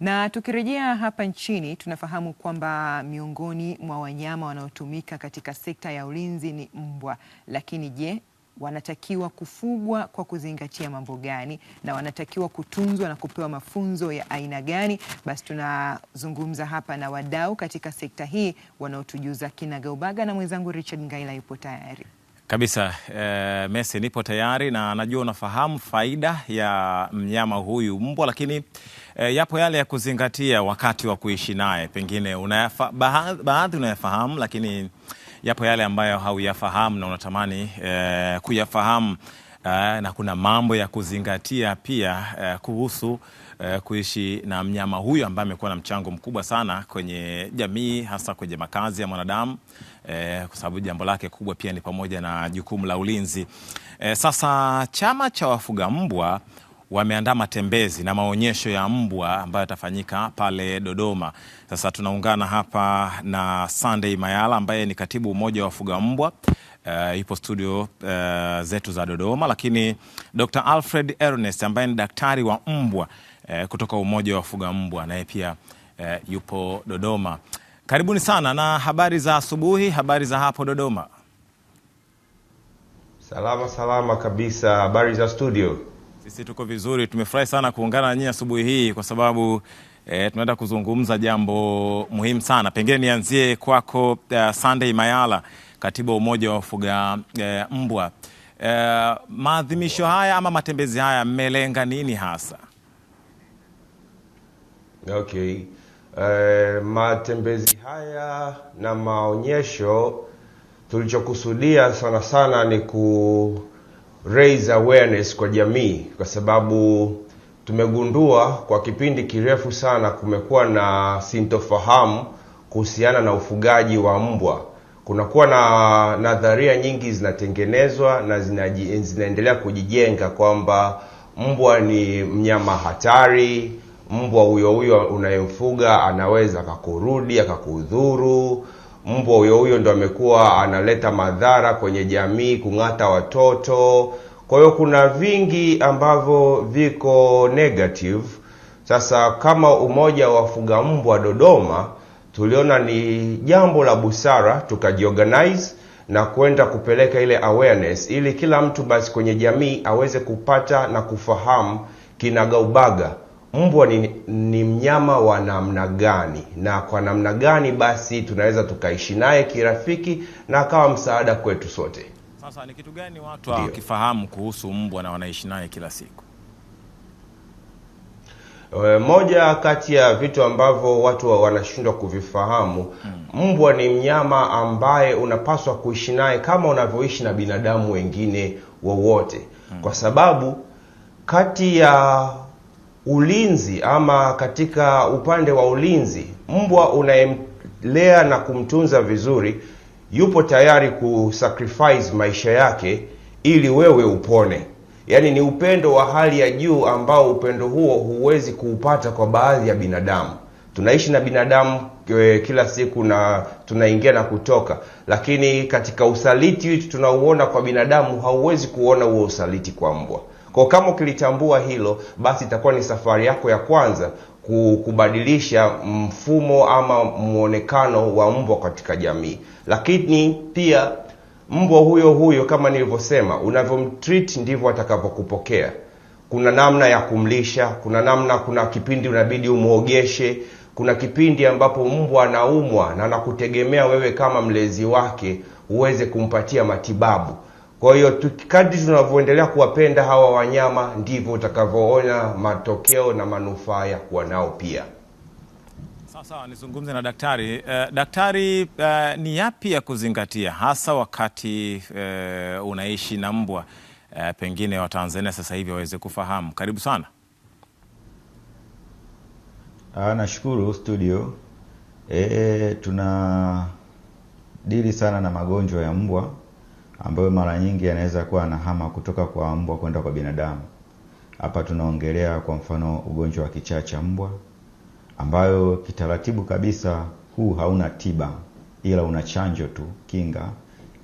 Na tukirejea hapa nchini, tunafahamu kwamba miongoni mwa wanyama wanaotumika katika sekta ya ulinzi ni mbwa. Lakini je, wanatakiwa kufugwa kwa kuzingatia mambo gani, na wanatakiwa kutunzwa na kupewa mafunzo ya aina gani? Basi tunazungumza hapa na wadau katika sekta hii wanaotujuza kinagaubaga, na mwenzangu Richard Ngaila yupo tayari. Kabisa e, Messi nipo tayari na najua unafahamu faida ya mnyama huyu mbwa, lakini e, yapo yale ya kuzingatia wakati wa kuishi naye, pengine unayafa, baadhi unayafahamu, lakini yapo yale ambayo hauyafahamu na unatamani e, kuyafahamu e, na kuna mambo ya kuzingatia pia e, kuhusu e, kuishi na mnyama huyu ambaye amekuwa na mchango mkubwa sana kwenye jamii, hasa kwenye makazi ya mwanadamu eh, kwa sababu jambo lake kubwa pia ni pamoja na jukumu la ulinzi. Eh, sasa chama cha wafuga mbwa wameandaa matembezi na maonyesho ya mbwa ambayo yatafanyika pale Dodoma. Sasa tunaungana hapa na Sunday Mayala ambaye ni katibu mmoja wa wafuga mbwa uh, eh, ipo studio uh, zetu za Dodoma, lakini Dr. Alfred Ernest ambaye ni daktari wa mbwa uh, kutoka umoja wa wafuga mbwa naye pia uh, yupo Dodoma. Karibuni sana na habari za asubuhi. Habari za hapo Dodoma? Salama salama kabisa. Habari za studio? Sisi tuko vizuri, tumefurahi sana kuungana na nyinyi asubuhi hii kwa sababu e, tunaenda kuzungumza jambo muhimu sana. Pengine nianzie kwako, uh, Sunday Mayala, katibu wa umoja wa wafuga uh, mbwa. Uh, maadhimisho haya ama matembezi haya mmelenga nini hasa? Okay e, matembezi haya na maonyesho tulichokusudia sana sana ni ku raise awareness kwa jamii, kwa sababu tumegundua kwa kipindi kirefu sana kumekuwa na sintofahamu kuhusiana na ufugaji wa mbwa. Kunakuwa na nadharia nyingi zinatengenezwa na zinaendelea kujijenga kwamba mbwa ni mnyama hatari mbwa huyo huyo unayemfuga anaweza akakurudi akakudhuru. Mbwa huyo huyo ndo amekuwa analeta madhara kwenye jamii, kung'ata watoto. Kwa hiyo kuna vingi ambavyo viko negative. Sasa kama umoja wa wafuga mbwa Dodoma tuliona ni jambo la busara tukajiorganize na kwenda kupeleka ile awareness ili kila mtu basi kwenye jamii aweze kupata na kufahamu kinagaubaga mbwa ni, ni mnyama wa namna gani na kwa namna gani basi tunaweza tukaishi naye kirafiki na akawa msaada kwetu sote. Sasa ni kitu gani watu wakifahamu kuhusu mbwa na wanaishi naye kila siku? Eh, moja kati ya vitu ambavyo watu wanashindwa kuvifahamu, hmm. mbwa ni mnyama ambaye unapaswa kuishi naye kama unavyoishi na binadamu wengine wowote, hmm. kwa sababu kati ya ulinzi ama katika upande wa ulinzi, mbwa unayemlea na kumtunza vizuri yupo tayari kusacrifice maisha yake ili wewe upone. Yaani ni upendo wa hali ya juu ambao upendo huo huwezi kuupata kwa baadhi ya binadamu. Tunaishi na binadamu eh, kila siku na tunaingia na kutoka, lakini katika usaliti tunauona kwa binadamu hauwezi kuona huo usaliti kwa mbwa. Kwa kama ukilitambua hilo, basi itakuwa ni safari yako ya kwanza kubadilisha mfumo ama mwonekano wa mbwa katika jamii. Lakini pia mbwa huyo huyo kama nilivyosema, unavyomtreat ndivyo atakavyokupokea. Kuna namna ya kumlisha, kuna namna, kuna kipindi unabidi umwogeshe, kuna kipindi ambapo mbwa anaumwa na anakutegemea wewe kama mlezi wake uweze kumpatia matibabu. Kwa hiyo kadri tunavyoendelea kuwapenda hawa wanyama ndivyo utakavyoona matokeo na manufaa ya kuwa nao pia. Sawa sawa, nizungumze na daktari. Uh, daktari, uh, ni yapi ya kuzingatia hasa wakati uh, unaishi na mbwa uh, pengine Watanzania sasa hivi waweze kufahamu? Karibu sana. Ah, nashukuru studio. E, tuna dili sana na magonjwa ya mbwa ambayo mara nyingi yanaweza kuwa anahama kutoka kwa mbwa kwenda kwa binadamu. Hapa tunaongelea kwa mfano ugonjwa wa kichaa cha mbwa, ambayo kitaratibu kabisa huu hauna tiba, ila una chanjo tu, kinga.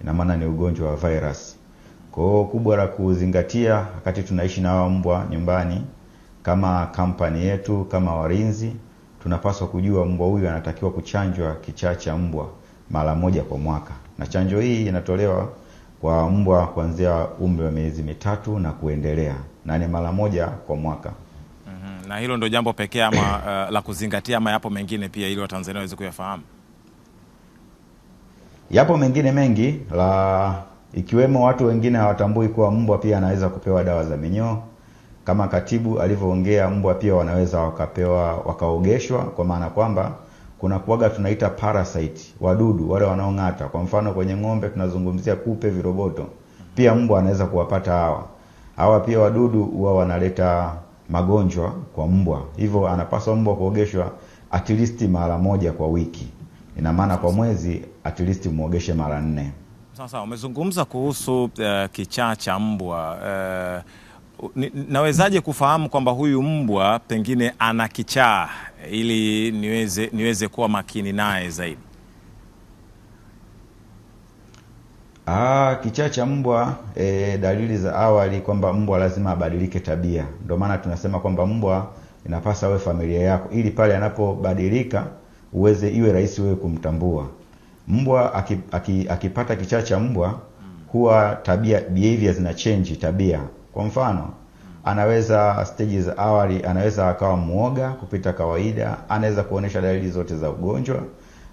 Ina maana ni ugonjwa wa virus. Kwa hiyo kubwa la kuzingatia wakati tunaishi na hawa mbwa nyumbani, kama kampani yetu, kama walinzi, tunapaswa kujua mbwa huyu anatakiwa kuchanjwa kichaa cha mbwa mara moja kwa mwaka, na chanjo hii inatolewa kwa mbwa kuanzia umri wa miezi mitatu na kuendelea na ni mara moja kwa mwaka. mm -hmm. Na hilo ndio jambo pekee ama uh, la kuzingatia ama yapo mengine pia ili Watanzania waweze kuyafahamu? Yapo mengine mengi la ikiwemo watu wengine hawatambui kuwa mbwa pia anaweza kupewa dawa za minyoo kama katibu alivyoongea, mbwa pia wanaweza wakapewa wakaogeshwa, kwa maana kwamba kuna kuaga tunaita parasite wadudu wale wanaong'ata. Kwa mfano kwenye ng'ombe tunazungumzia kupe, viroboto, pia mbwa anaweza kuwapata hawa hawa. Pia wadudu huwa wanaleta magonjwa kwa mbwa, hivyo anapaswa mbwa kuogeshwa at least mara moja kwa wiki. Ina maana kwa mwezi at least muogeshe mara nne. Sasa umezungumza kuhusu uh, kichaa cha mbwa uh, nawezaje kufahamu kwamba huyu mbwa pengine ana kichaa ili niweze, niweze kuwa makini naye zaidi? Ah, kichaa cha mbwa e, dalili za awali kwamba mbwa lazima abadilike tabia. Ndio maana tunasema kwamba mbwa inapasa awe familia yako, ili pale anapobadilika uweze iwe rahisi wewe kumtambua. Mbwa akipata aki, aki kichaa cha mbwa hmm. huwa tabia behavior zina change tabia. Kwa mfano anaweza steji za awali, anaweza akawa mwoga kupita kawaida, anaweza kuonyesha dalili zote za ugonjwa,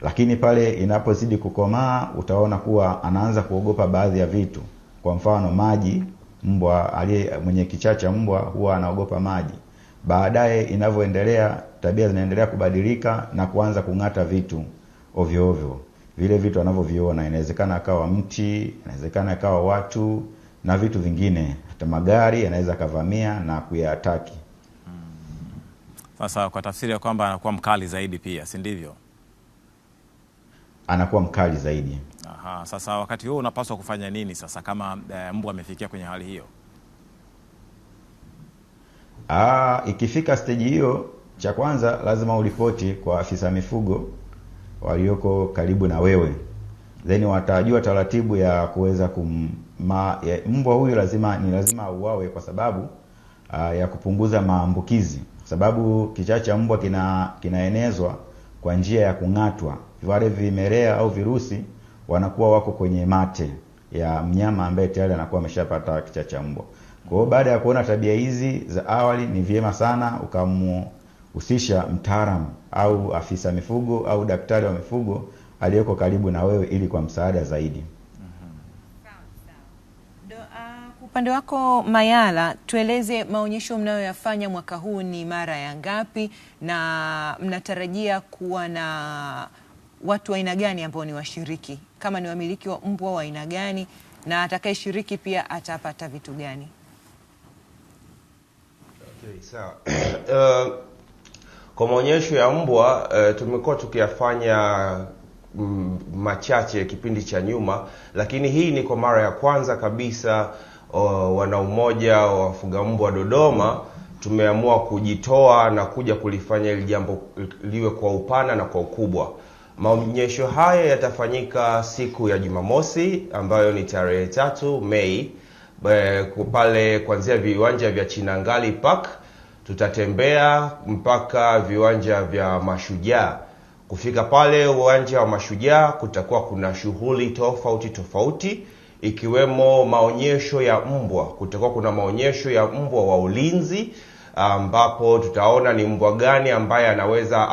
lakini pale inapozidi kukomaa utaona kuwa anaanza kuogopa baadhi ya vitu. Kwa mfano maji, mbwa aliye mwenye kichaa cha mbwa huwa anaogopa maji. Baadaye inavyoendelea, tabia zinaendelea kubadilika na kuanza kung'ata vitu ovyo ovyo, vile vitu anavyoviona, inawezekana akawa mti, inawezekana akawa watu na vitu vingine magari yanaweza akavamia na kuyataki. Sasa kwa tafsiri ya kwamba anakuwa mkali zaidi pia, si ndivyo? Anakuwa mkali zaidi. Aha, sasa wakati huo unapaswa kufanya nini sasa kama e, eh, mbwa amefikia kwenye hali hiyo? Aa, ah, ikifika steji hiyo, cha kwanza lazima uripoti kwa afisa mifugo walioko karibu na wewe then watajua taratibu ya kuweza kum mbwa huyu lazima ni lazima auawe kwa sababu uh, ya kupunguza maambukizi, kwa sababu kichaa cha mbwa kina kinaenezwa kwa njia ya kung'atwa. wale vimelea au virusi wanakuwa wako kwenye mate ya mnyama ambaye tayari anakuwa ameshapata kichaa cha mbwa. Kwa hiyo baada ya kuona tabia hizi za awali, ni vyema sana ukamhusisha mtaalamu au afisa mifugo au daktari wa mifugo aliyeko karibu na wewe ili kwa msaada zaidi. Uh, upande wako Mayala, tueleze maonyesho mnayoyafanya mwaka huu ni mara ya ngapi, na mnatarajia kuwa na watu wa aina gani ambao ni washiriki? Kama ni wamiliki wa mbwa wa aina gani, na atakayeshiriki pia atapata vitu gani? Okay, sawa. So, uh, kwa maonyesho ya mbwa uh, tumekuwa tukiyafanya machache kipindi cha nyuma, lakini hii ni kwa mara ya kwanza kabisa o, wana umoja wa wafuga mbwa Dodoma tumeamua kujitoa na kuja kulifanya ili jambo liwe kwa upana na kwa ukubwa. Maonyesho haya yatafanyika siku ya Jumamosi ambayo ni tarehe tatu Mei pale kuanzia viwanja vya Chinangali Park tutatembea mpaka viwanja vya Mashujaa. Kufika pale uwanja wa Mashujaa kutakuwa kuna shughuli tofauti tofauti ikiwemo maonyesho ya mbwa. Kutakuwa kuna maonyesho ya mbwa wa ulinzi ambapo tutaona ni mbwa gani ambaye anaweza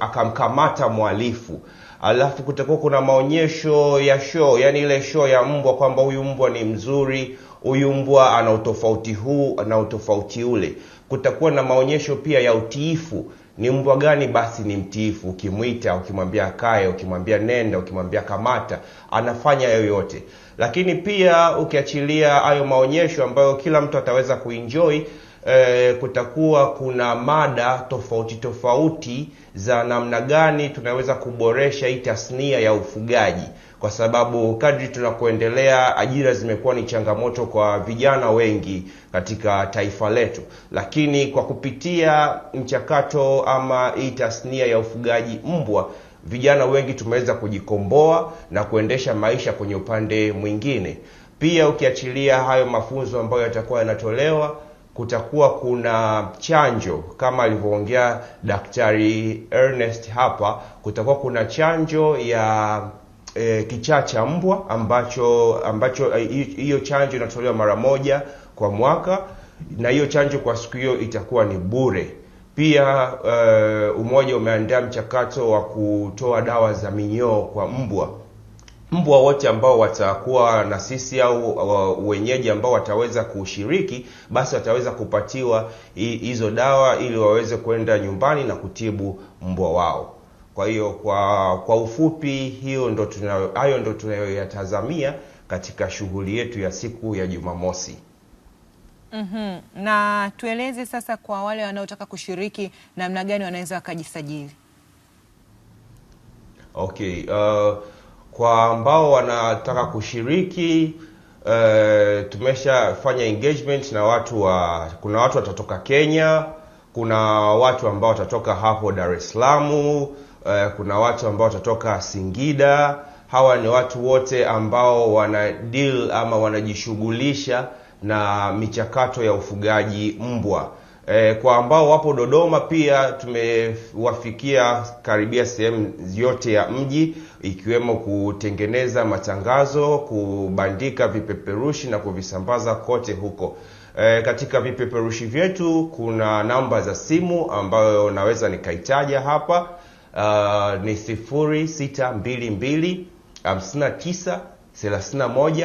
akamkamata mhalifu. Alafu kutakuwa kuna maonyesho ya show, yani ile show ya mbwa kwamba huyu mbwa ni mzuri, huyu mbwa ana utofauti huu na utofauti ule. Kutakuwa na maonyesho pia ya utiifu ni mbwa gani basi ni mtiifu ukimwita ukimwambia kae ukimwambia nenda ukimwambia kamata anafanya yoyote lakini pia ukiachilia hayo maonyesho ambayo kila mtu ataweza kuenjoy e, kutakuwa kuna mada tofauti tofauti za namna gani tunaweza kuboresha hii tasnia ya ufugaji, kwa sababu kadri tunakoendelea ajira zimekuwa ni changamoto kwa vijana wengi katika taifa letu, lakini kwa kupitia mchakato ama hii tasnia ya ufugaji mbwa vijana wengi tumeweza kujikomboa na kuendesha maisha kwenye upande mwingine. Pia ukiachilia hayo mafunzo ambayo yatakuwa yanatolewa kutakuwa kuna chanjo kama alivyoongea Daktari Ernest hapa, kutakuwa kuna chanjo ya e, kichaa cha mbwa ambacho ambacho eh, hiyo chanjo inatolewa mara moja kwa mwaka, na hiyo chanjo kwa siku hiyo itakuwa ni bure. Pia e, umoja umeandaa mchakato wa kutoa dawa za minyoo kwa mbwa mbwa wote ambao watakuwa na sisi au wenyeji ambao wataweza kushiriki, basi wataweza kupatiwa hizo dawa ili waweze kwenda nyumbani na kutibu mbwa wao. Kwa hiyo kwa kwa ufupi, hiyo ndo tunayo, hayo ndo tunayoyatazamia katika shughuli yetu ya siku ya Jumamosi. Mm -hmm. Na tueleze sasa kwa wale wanaotaka kushiriki namna gani wanaweza wakajisajili? Okay, uh, kwa ambao wanataka kushiriki uh, tumeshafanya engagement na watu wa kuna watu watatoka Kenya, kuna watu ambao watatoka hapo Dar es Salaam, uh, kuna watu ambao watatoka Singida. Hawa ni watu wote ambao wana deal ama wanajishughulisha na michakato ya ufugaji mbwa E, kwa ambao wapo Dodoma pia tumewafikia karibia sehemu yote ya mji ikiwemo kutengeneza matangazo, kubandika vipeperushi na kuvisambaza kote huko. E, katika vipeperushi vyetu kuna namba za simu ambayo naweza nikaitaja hapa. Uh, ni 0622 59 31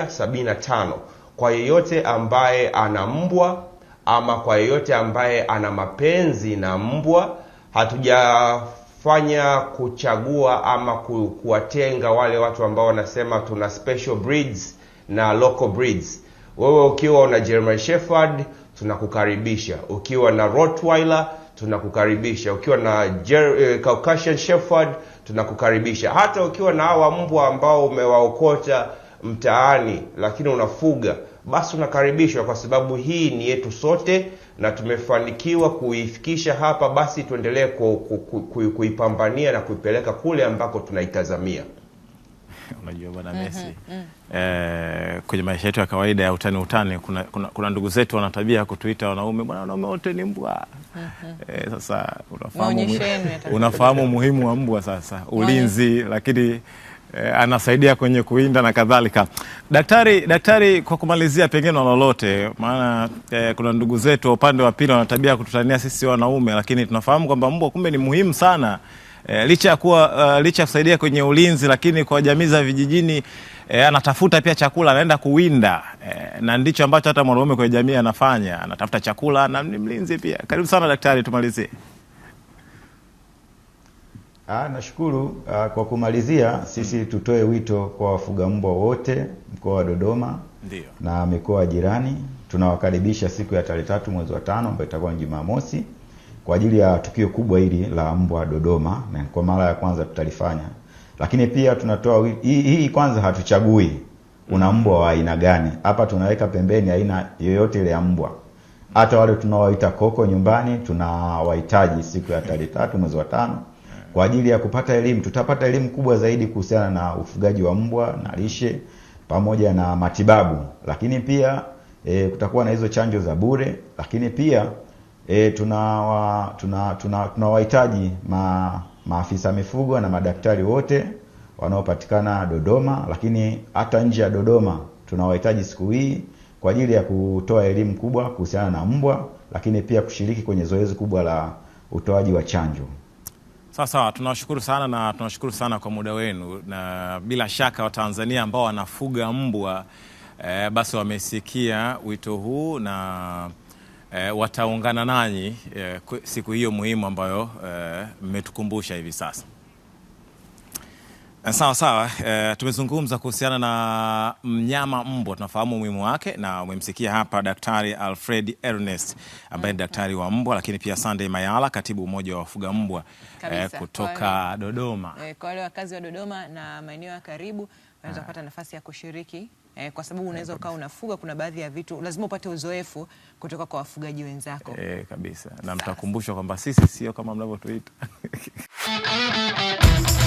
75 kwa yeyote ambaye ana mbwa ama kwa yeyote ambaye ana mapenzi na mbwa. Hatujafanya kuchagua ama ku, kuwatenga wale watu ambao wanasema tuna special breeds na local breeds. Wewe ukiwa una German Shepherd tunakukaribisha, ukiwa na Rottweiler tunakukaribisha, ukiwa na Jer eh, Caucasian Shepherd tunakukaribisha, hata ukiwa na hawa mbwa ambao umewaokota mtaani lakini unafuga basi unakaribishwa kwa sababu hii ni yetu sote na tumefanikiwa kuifikisha hapa basi tuendelee kuipambania na kuipeleka kule ambako tunaitazamia unajua bwana mhm, Messi uh kwenye maisha yetu ya kawaida ya utani utani kuna, kuna, kuna ndugu zetu wana tabia kutuita wanaume bwana wanaume wote ni mbwa uh sasa unafahamu, unafahamu umuhimu wa mbwa sasa ulinzi lakini e, anasaidia kwenye kuinda na kadhalika. Daktari, daktari, kwa kumalizia pengine lolote maana e, kuna ndugu zetu wa upande wa pili wanatabia kututania sisi wanaume, lakini tunafahamu kwamba mbwa kumbe ni muhimu sana e, licha ya kuwa uh, licha ya kusaidia kwenye ulinzi, lakini kwa jamii za vijijini E, anatafuta pia chakula, anaenda kuwinda e, na ndicho ambacho hata mwanaume kwenye jamii anafanya, anatafuta chakula na ni mlinzi pia. Karibu sana daktari, tumalizie. Ah, nashukuru. Ah, kwa kumalizia, sisi tutoe wito kwa wafuga mbwa wote mkoa wa Dodoma Ndiyo. na mikoa jirani, tunawakaribisha siku ya tarehe tatu mwezi wa tano ambayo itakuwa ni Jumamosi kwa ajili ya tukio kubwa hili la mbwa Dodoma, na kwa mara ya kwanza tutalifanya, lakini pia tunatoa hii hi, kwanza hatuchagui una mm. mbwa wa aina gani. Hapa tunaweka pembeni aina yoyote ile ya mbwa, hata wale tunawaita koko nyumbani tunawahitaji siku ya tarehe tatu mwezi wa tano kwa ajili ya kupata elimu. Tutapata elimu kubwa zaidi kuhusiana na ufugaji wa mbwa na lishe pamoja na matibabu, lakini pia e, kutakuwa na hizo chanjo za bure, lakini pia e, tunawa tuna, tuna, ma, maafisa mifugo na madaktari wote wanaopatikana Dodoma, lakini hata nje ya Dodoma tunawahitaji siku hii kwa ajili ya kutoa elimu kubwa kuhusiana na mbwa, lakini pia kushiriki kwenye zoezi kubwa la utoaji wa chanjo. Sawa sawa, tunawashukuru sana na tunawashukuru sana kwa muda wenu, na bila shaka Watanzania ambao wanafuga mbwa e, basi wamesikia wito huu na e, wataungana nanyi e, siku hiyo muhimu ambayo mmetukumbusha e, hivi sasa. Eh, sawa sawa. E, tumezungumza kuhusiana na mnyama mbwa, tunafahamu umuhimu wake na umemsikia hapa Daktari Alfred Ernest ambaye ni daktari wa mbwa, lakini pia Sunday Mayala, katibu umoja wa wafuga mbwa e, kutoka wale, Dodoma e, kwa wale wakazi wa Dodoma na maeneo ya karibu wanaweza ah. kupata nafasi ya kushiriki e, kwa sababu unaweza ukawa unafuga, kuna baadhi ya vitu lazima upate uzoefu kutoka kwa wafugaji wenzako e, kabisa na mtakumbushwa kwamba sisi sio kama mnavyotuita